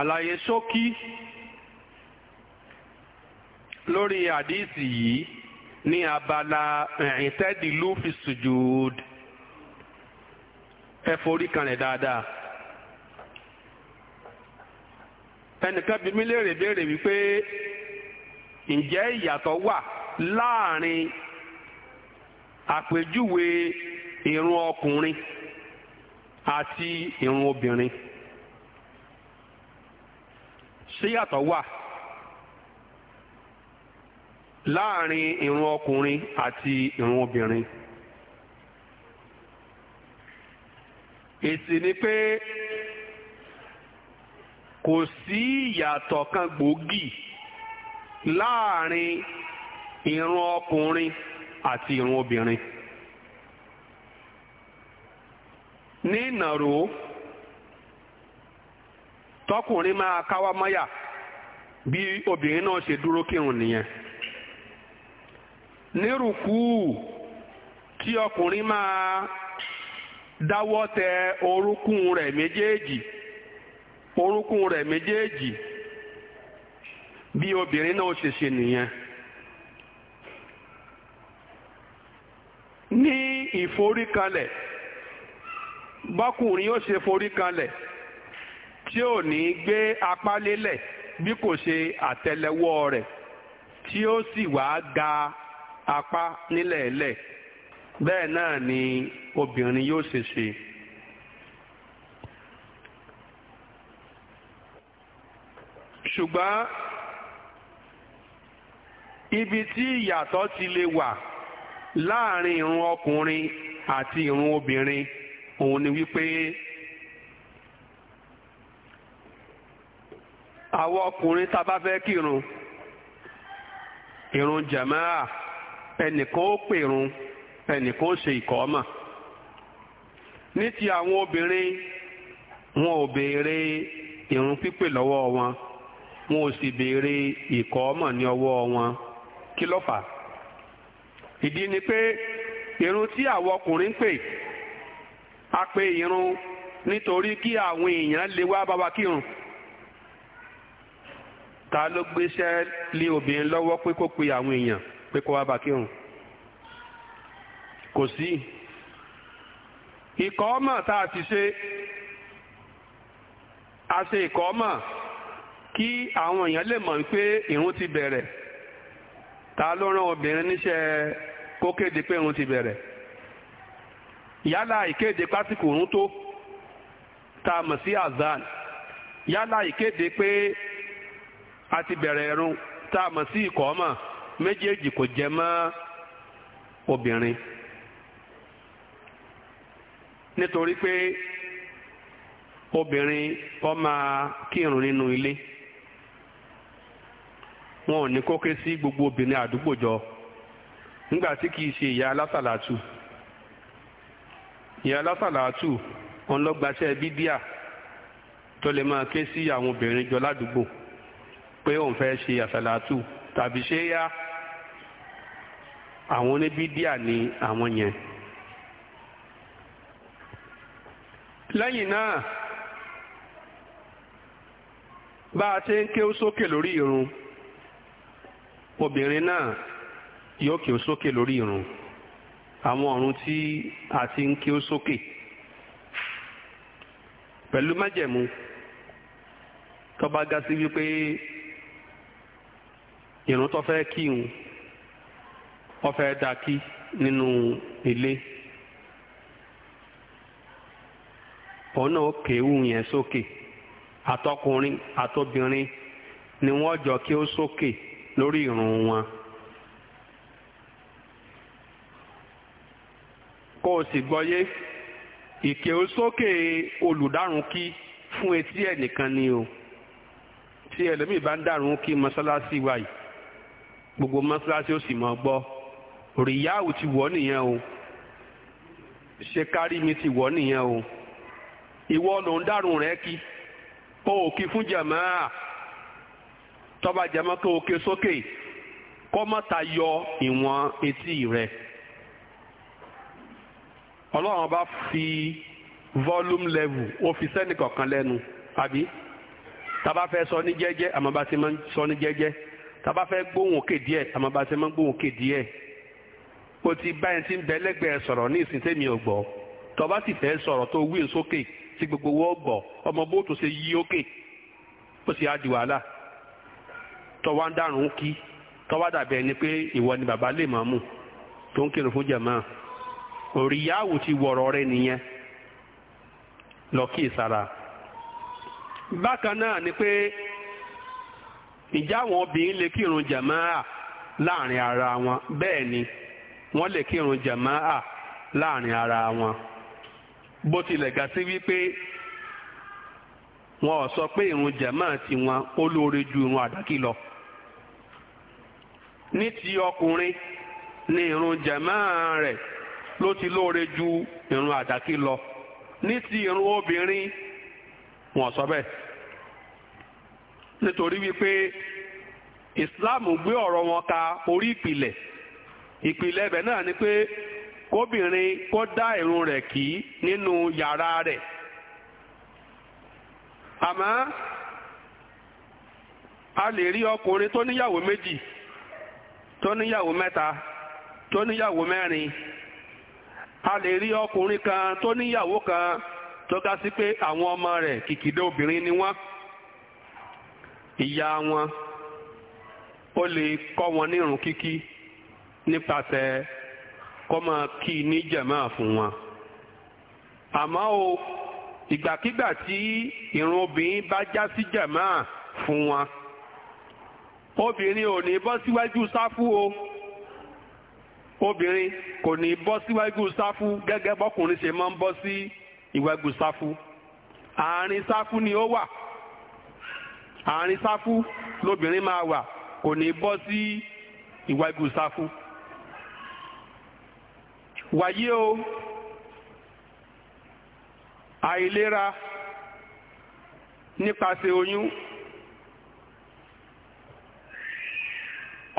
àlàyé ṣókí lórí àdíìsì yìí ní abala ìtẹ́dìlú fi sùjúd ẹ forí kanlẹ̀ dáadáa ẹnìkan bí mi léèrè béèrè wípé ǹjẹ́ ìyàtọ̀ wà láàrin àpèjúwe ìrun ọkùnrin àti ìrun obìnrin. síyàtọ̀ wà láàrin irun ọkùnrin àti irun obìnrin. èsì ni pé kò sí ìyàtọ̀ kan gbòógì láàrin irun ọkùnrin àti irun obìnrin. ní ìnàró tọkùnrin máa káwá mọ́yà bí obìnrin náà ṣe dúró kírun nìyẹn nírùkú tí ọkùnrin máa dáwọ́ tẹ orúnkún rẹ̀ méjèèjì orúnkún rẹ̀ méjèèjì bí obìnrin náà ṣe ṣe nìyẹn. ní ìforíkalẹ̀ bọ́kùnrin yóò ṣe foríkalẹ̀. tí ò ní gbé apá lélẹ̀ bí kò ṣe àtẹ́lẹwọ́ rẹ̀ tí ó sì wá ga apá nílẹ̀ẹ́lẹ̀ bẹ́ẹ̀ náà ni obìnrin yóò ṣe ṣe. ṣùgbọ́n ibi tí ìyàtọ̀ ti lè wà láàrin irun ọkùnrin àti irun obìnrin òun ni wípé àwọn ọkùnrin tá a bá fẹ́ kírun ìrun jàmáà ẹnìkan ó pèrun ẹnìkan ó ṣe ìkọ́mà ní ti àwọn obìnrin wọn ò béèrè ìrun pípè lọ́wọ́ wọn wọn ò sì béèrè ìkọ́mà ní ọwọ́ wọn kí ló fà ìdí ni pé ìrun tí àwọn ọkùnrin ń pè á pè ìrun nítorí kí àwọn èèyàn lè wá bá wa kírun ta ló gbéṣẹ́ lé obìnrin lọ́wọ́ pé kó pe àwọn èèyàn pé kó wá bá kírun kò sí ìkọ́ ọmọ tá a ti ṣe a ṣe ìkọ́ ọmọ kí àwọn èèyàn lè mọ̀ pé ìrun ti bẹ̀rẹ̀ ta ló rán obìnrin níṣẹ́ kó kéde pé ìrun ti bẹ̀rẹ̀ yálà ìkéde pásíkò ìrun tó tá mọ̀ sí azan yálà ìkéde pé àti bẹ̀rẹ̀ ẹ̀rùn tá a mọ̀ sí ìkọ́mà méjèèjì kò jẹ mọ́ obìnrin nítorí pé obìnrin ó máa kírun nínú ilé wọn ò ní kó ké sí gbogbo obìnrin àdúgbò jọ nígbà tí kìí ṣe ìyá alásàlátù ìyá alásàlátù òun ló tó lè máa ké sí àwọn obìnrin jọ ládùúgbò. pé òun fẹ́ ṣe àsàlátù tàbí ṣé yá àwọn oníbídíà ni àwọn yẹn. lẹ́yìn náà bá a ṣe ń ké sókè lórí irun obìnrin náà yóò ké sókè lórí irun àwọn ọ̀run tí a ti ń ké sókè pẹ̀lú májẹ̀mú tó bá ga sí wípé ìrún tó fẹ́ kírun ó fẹ́ dá kí nínú ilé òun náà kéwù yẹn sókè àtọkùnrin àtobìnrin ni wọ́n jọ kí ó sókè lórí ìrún wọn. kó o sì gbọ́yé ìké ó sókè olùdárun kí fún etí ẹ̀ nìkan ni o tí ẹlòmíì bá ń dárun kí mọ́sálásí wa gbogbo mọ́ṣáláṣí ó sì mọ́ gbọ́ rìyáwù ti wọ́ nìyẹn o ṣe kárí mi ti wọ́ nìyẹn o ìwọ ló ń dàrún rẹ kí o ò kí fún jàmáà tọ́ba jàmáà kó o ké sókè kọ́mọ́ta yọ ìwọ̀n etí rẹ̀ ọlọ́run bá fi volume level ó fi sẹ́nì kọ̀ọ̀kan lẹ́nu àbí tá a bá fẹ́ sọ ní jẹ́jẹ́ àmọ́ bá ti máa ń sọ ní jẹ́jẹ́ tábà fẹ́ gbóhùn òkè díẹ̀ àmọ́ bá ṣe máa ń gbóhùn òkè díẹ̀ o ti bá ẹni tí ń bẹ lẹ́gbẹ̀ẹ́ sọ̀rọ̀ ní ìsìn tèmi ò gbọ́ tọ́ba sì fẹ́ sọ̀rọ̀ tó wí sókè tí gbogbo wọ́n gbọ́ ọmọ bóòtù ṣe yí òkè ó sì á di wàhálà tọ́wá ń dàrún kí tọ́wá dàbẹ̀ ẹni pé ìwọ ni bàbá lè máa mú tó ń kírun fún jàmáà òrìyáwó ti wọ̀rọ̀ rẹ nìyẹn lọ́kì ìsara bákan náà ni pé ìjà àwọn obìnrin lè kírun jàmáà láàrin ara wọn bẹ́ẹ̀ ni wọ́n lè kírun jàmáà láàrin ara wọn bó tilẹ̀ ga sí wípé wọn ò sọ pé irun jàmáà tiwọn ó lóore ju irun àdákì lọ ní ti ọkùnrin ni irun jàmáà rẹ̀ ló ti lóore ju irun àdákì lọ ní ti irun obìnrin wọn ò sọ bẹ́ẹ̀. nítorí wípé Islam gbé ọ̀rọ̀ wọn ka orí ìpìlẹ̀ ìpìlẹ̀ ibẹ̀ náà ni pé kóbìnrin kó dá irun rẹ̀ kí nínú yàrá rẹ̀ àmọ́ a lè rí ọkùnrin tó níyàwó méjì tó níyàwó mẹ́ta tó níyàwó mẹ́rin a lè rí ọkùnrin kan tó níyàwó kan tó ga sí pé àwọn ọmọ rẹ̀ kìkìdé obìnrin ni wọ́n. ìyá wọn ó lè kọ́ wọn ní irun kíkí nípasẹ̀ kọ́ máa kí i ní jẹ̀máà fún wọn. àmọ́ o ìgbàkigbà tí irun obìnrin bá já sí jẹ̀máà fún wọn obìnrin ò ní bọ́ síwájú sáfù o obìnrin kò ní bọ́ síwájú sáfù gẹ́gẹ́ bọ́kùnrin ṣe máa ń bọ́ sí ìwájú sáfù àárín sáfù ni ó wà. àárín sáfú lóbìnrin máa wà kò ní bọ́ sí ìwájú sáfù. wàyí o àìlera nípasẹ̀ oyún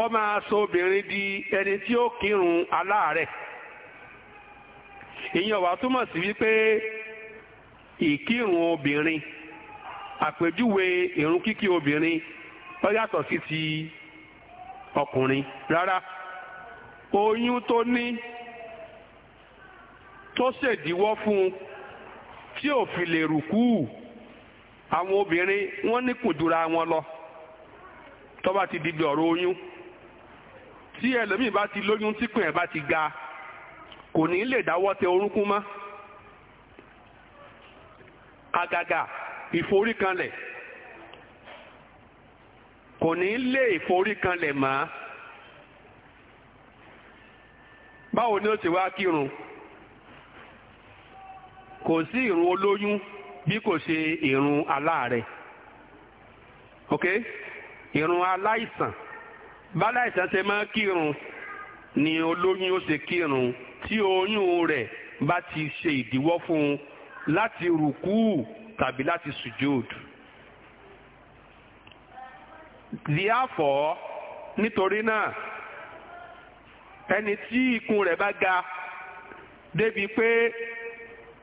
ọ máa sọ obìnrin di ẹni tí ó kírun aláàárẹ̀ ìyẹn wá túmọ̀ sí wípé ìkírun obìnrin àpèjúwe ìrun kíkí obìnrin ó yàtọ̀ sí ti ọkùnrin rárá oyún tó ní tó ṣèdíwọ́ fún un tí ò fi lè rùkú àwọn obìnrin wọ́n ní kùdúra wọn lọ tó bá ti dìbò ọ̀rọ̀ oyún tí ẹlòmíì bá ti lóyún tí kùn ẹ̀ bá ti ga kò ní lè dáwọ́ tẹ orúnkún mọ́ àgàgà ìforíkanlẹ̀ kò ní lé ìforíkanlẹ̀ mọ́ báwo ni ó ti wá kírun kò sí ìrun olóyún bí kò ṣe ìrun aláàrẹ̀ ok ìrun aláìsàn báláìsàn ṣe máa kírun ni olóyún ó ṣe kírun tí oyún rẹ̀ bá ti ṣe ìdíwọ́ fún un láti rùkúù tàbí láti sujud. Therefore, nítorí náà ẹni tí ikùn rẹ̀ bá ga débi pé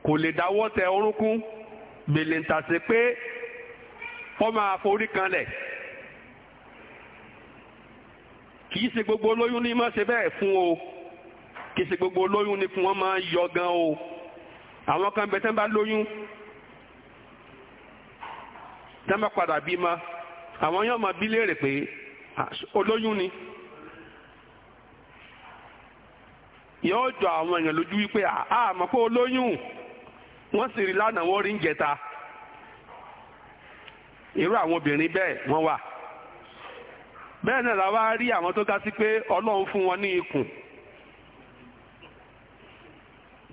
kò lè dáwọ́ tẹ orúnkún gbèlè ń tàṣe pé wọ́n máa forí kanlẹ̀ kìí ṣe gbogbo olóyún ní má ṣe bẹ́ẹ̀ fún o kìí ṣe gbogbo olóyún ní fún wọn máa yọ gan o àwọn kan bẹ tẹ́ ń bá lóyún tá má padà ma àwọn yóò máa bí léèrè pé olóyún ni yóò jọ àwọn èèyàn lójú wípé àmọ́ pé olóyún wọ́n sì rí lánàá wọ́n rí ń jẹta irú àwọn obìnrin bẹ́ẹ̀ wọ́n wà bẹ́ẹ̀ náà la wá rí àwọn tó ga sí pé ọlọ́run fún wọn ní ikùn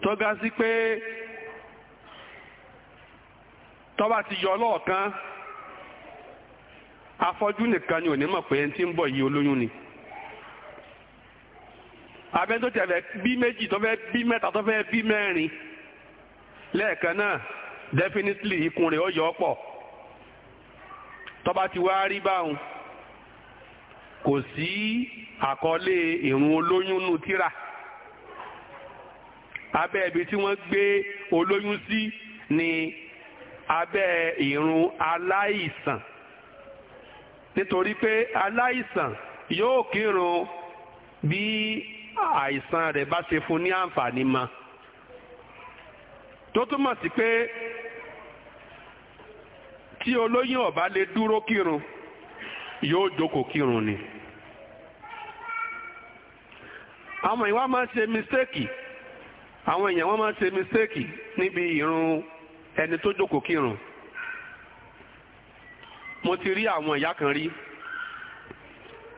tó ga sí pé tó ti yọ ọlọ́ọ̀kan afọ́jú nìkan ni ò ní mọ̀ pé ẹni tí ń bọ̀ yìí olóyún ni abẹ́ni tó tẹ̀fẹ́ bí méjì tó fẹ́ bí mẹ́ta tó fẹ́ bí mẹ́rin lẹ́ẹ̀kan náà definitely ikùn rẹ̀ ó yọ ọ́ pọ̀ tọ́ba ti wá rí báwọn kò sí àkọlé ìrun olóyún nù tíra abẹ́ ibi tí wọ́n gbé olóyún sí ni abẹ́ ìrun aláìsàn nítorí pé aláìsàn yóò kírun bí àìsàn rẹ̀ bá ṣe fún ní àǹfààní mọ́ tó túmọ̀ sí pé tí olóyún ò bá lè dúró kírun yóò jókòó kírun ni. àwọn ìwà máa ń ṣe mistéèkì àwọn èèyàn wọn máa ń ṣe mistéèkì níbi ìrun ẹni tó jókòó kírun mo ti rí àwọn ìyá kan rí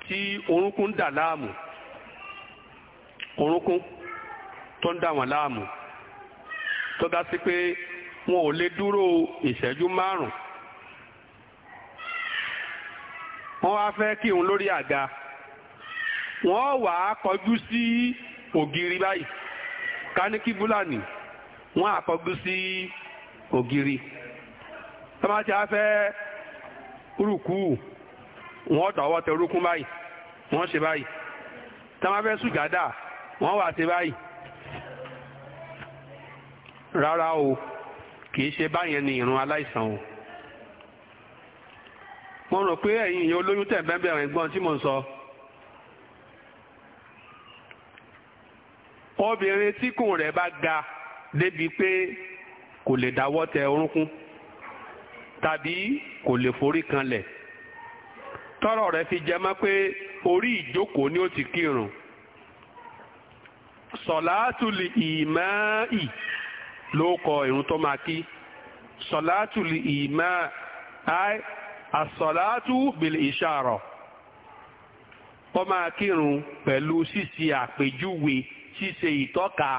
tí orúnkún ń dà láàmú orúnkún tó ń dà wọ́n láàmú tó dá sí pé wọn ò lè dúró ìṣẹ́jú márùn-ún wọ́n wá fẹ́ kí òun lórí àga wọ́n wà á kọjú sí ògiri báyìí káníkì búlàní wọ́n á sí ògiri tọ́mátì á fẹ́ rúkú wọ́n tọwọ́ tẹ orúkún báyìí wọ́n ṣe báyìí tamafẹ́ sùjádà wọ́n wà ṣe báyìí rárá o kìí ṣe báyẹn ni ìrun aláìsàn o mo rò pé ẹ̀yin ìyẹn olóyún tẹ̀ bẹ́ẹ̀ gbọ́n tí mo ń sọ obìnrin tíkùn rẹ̀ bá ga débi pé kò lè dáwọ́ tẹ orúnkún tàbí kò lè forí kanlẹ̀ tọ́rọ̀ rẹ̀ fi jẹ mọ́ pé orí ìjókòó ni ó ti kírun sọ̀látùlì ìmáì ló kọ ìrun tó máa kí sọ̀látùlì ìmáì àsọ̀látù bìlì ìṣàrọ̀ ó máa kírun pẹ̀lú ṣíṣe àpèjúwe ṣíṣe ìtọ́ka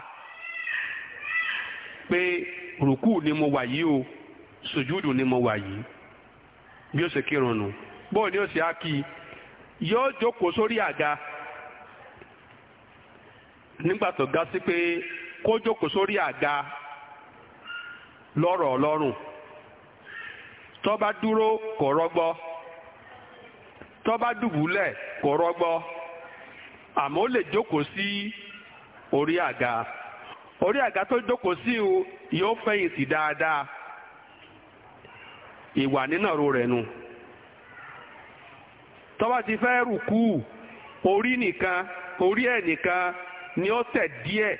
pé rùkú ni mo wà yìí o. sùjúdù ni mo wà yìí bí ó ṣe kírun nù bó ni ó ṣe á kí yóò jókòó sórí àga nígbà tó ga sí pé kó jókòó sórí àga lọ́rọ̀ ọlọ́rùn tó bá dúró kò rọgbọ tó dùbúlẹ̀ kò rọgbọ àmọ́ ó lè jókòó sí orí àga orí àga tó jókòó sí o yóò fẹ̀yìntì dáadáa. ìwà nínàró rẹ̀ nù tó ti fẹ́ rùkú orí nìkan orí ẹ̀ nìkan ni ó tẹ̀ díẹ̀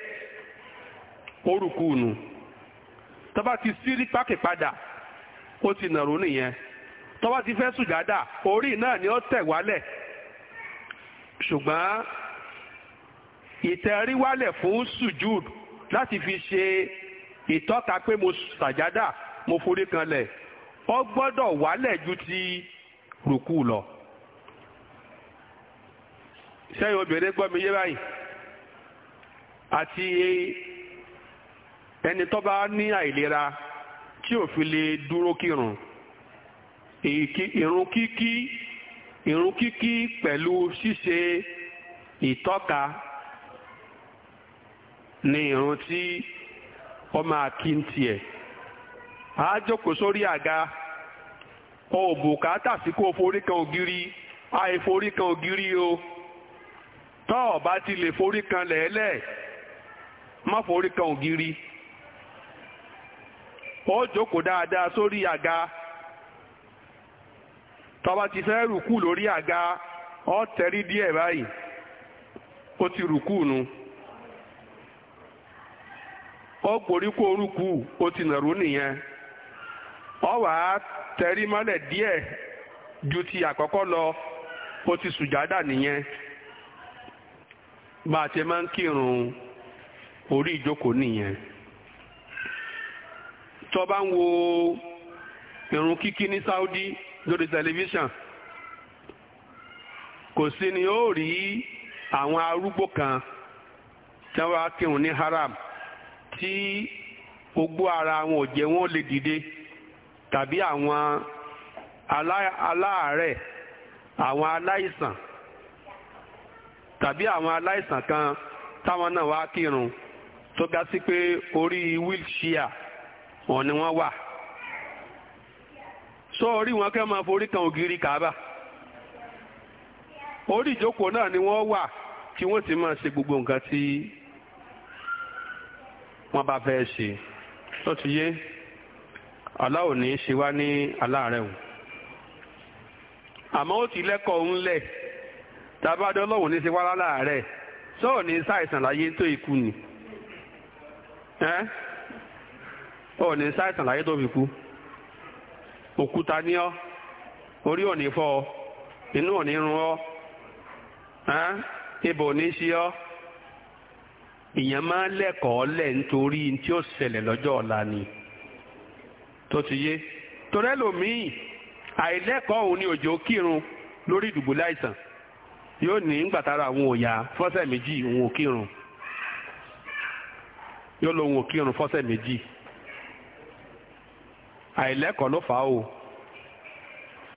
orúkú nu tó bá ti sírí pákì padà ó ti nàró nìyẹn tó ti fẹ́ sùjádà orí náà ni ó tẹ̀ wálẹ̀ ṣùgbọ́n ìtẹ̀ríwálẹ̀ fún sùjúd láti fi ṣe ìtọ́ka pé mo sàjádà mo forí kanlẹ̀ ọ gbọdọ wálẹ̀ ju ti rùkú lọ. sẹ́yìn obìnrin gbọ́ mi yé báyìí àti ẹni tó bá ní àìlera tí ò fi lè dúró kírun ìrun kíkí ìrun kíkí pẹ̀lú ṣíṣe ìtọ́ka ni ìrun tí ọmọ akíntì ẹ̀. A jókòó sórí àga o bùkátà sí kó forí kan ògiri àìforí kan ògiri o tọ́ ọ bá ti lè forí kan lẹ́ẹ̀lẹ́ má forí kan ògiri ó jókòó dáadáa sórí àga tó bá ti fẹ́ rùkú lórí àga ó tẹrí díẹ̀ báyìí ó ti rùkú nu ó gborí kó rùkú ó ti nàró nìyẹn. ọ wàá tẹrí mọ́lẹ̀ díẹ̀ ju ti àkọ́kọ́ lọ ó ti sùjádà nìyẹn bá a ti máa ń kírun orí ìjókòó nìyẹn tó bá ń wo irun kíkí ní Saudi lórí tẹlifíṣàn kò sí ni ó rí àwọn arúgbó kan tí wọ́n wá kírun ní haram tí ogbó ara wọn ò jẹ́ wọn lè dìde. tàbí àwọn aláàárẹ̀ àwọn aláìsàn tàbí àwọn aláìsàn kan táwọn náà wá kírun tó ga sí pé orí wheelchair wọn ni wọ́n wà sọ orí wọn kẹ́ máa forí kan ògiri kàábà orí ìjókòó náà ni wọ́n wà tí wọ́n ti máa ṣe gbogbo nǹkan tí wọ́n bá fẹ́ ṣe tó ti yé. Allah ò ní ṣe wá ní aláàárẹ̀ o àmọ́ ó ti lẹ́kọ̀ọ́ ńlẹ̀ tàbádọ́ lọ́wọ́ ní ṣe wá láàárẹ̀ sọ́ọ̀ ní ṣàìsàn láyé tó ikú ni ẹ́ ọ̀ ní ṣàìsàn láyé tó fi kú òkúta ní ọ́ orí ò ní fọ́ ọ inú ò ní run ọ́ ẹ́ ibò ní ṣe ọ́ ìyẹn máa lẹ́kọ̀ọ́ lẹ̀ nítorí tí ó ṣẹlẹ̀ lọ́jọ́ ọ̀la ni. Eh? tó ti yé torẹ́lòmíì àìlẹ́kọ̀ọ́ òun ni òjò kírun lórí ìdùbò láìsàn yóò ní gbàtara àwọn òòyà fọ́sẹ̀ méjì òun ò kírun yóò lo òun ò kírun fọ́sẹ̀ méjì àìlẹ́kọ̀ọ́ ló fà á o.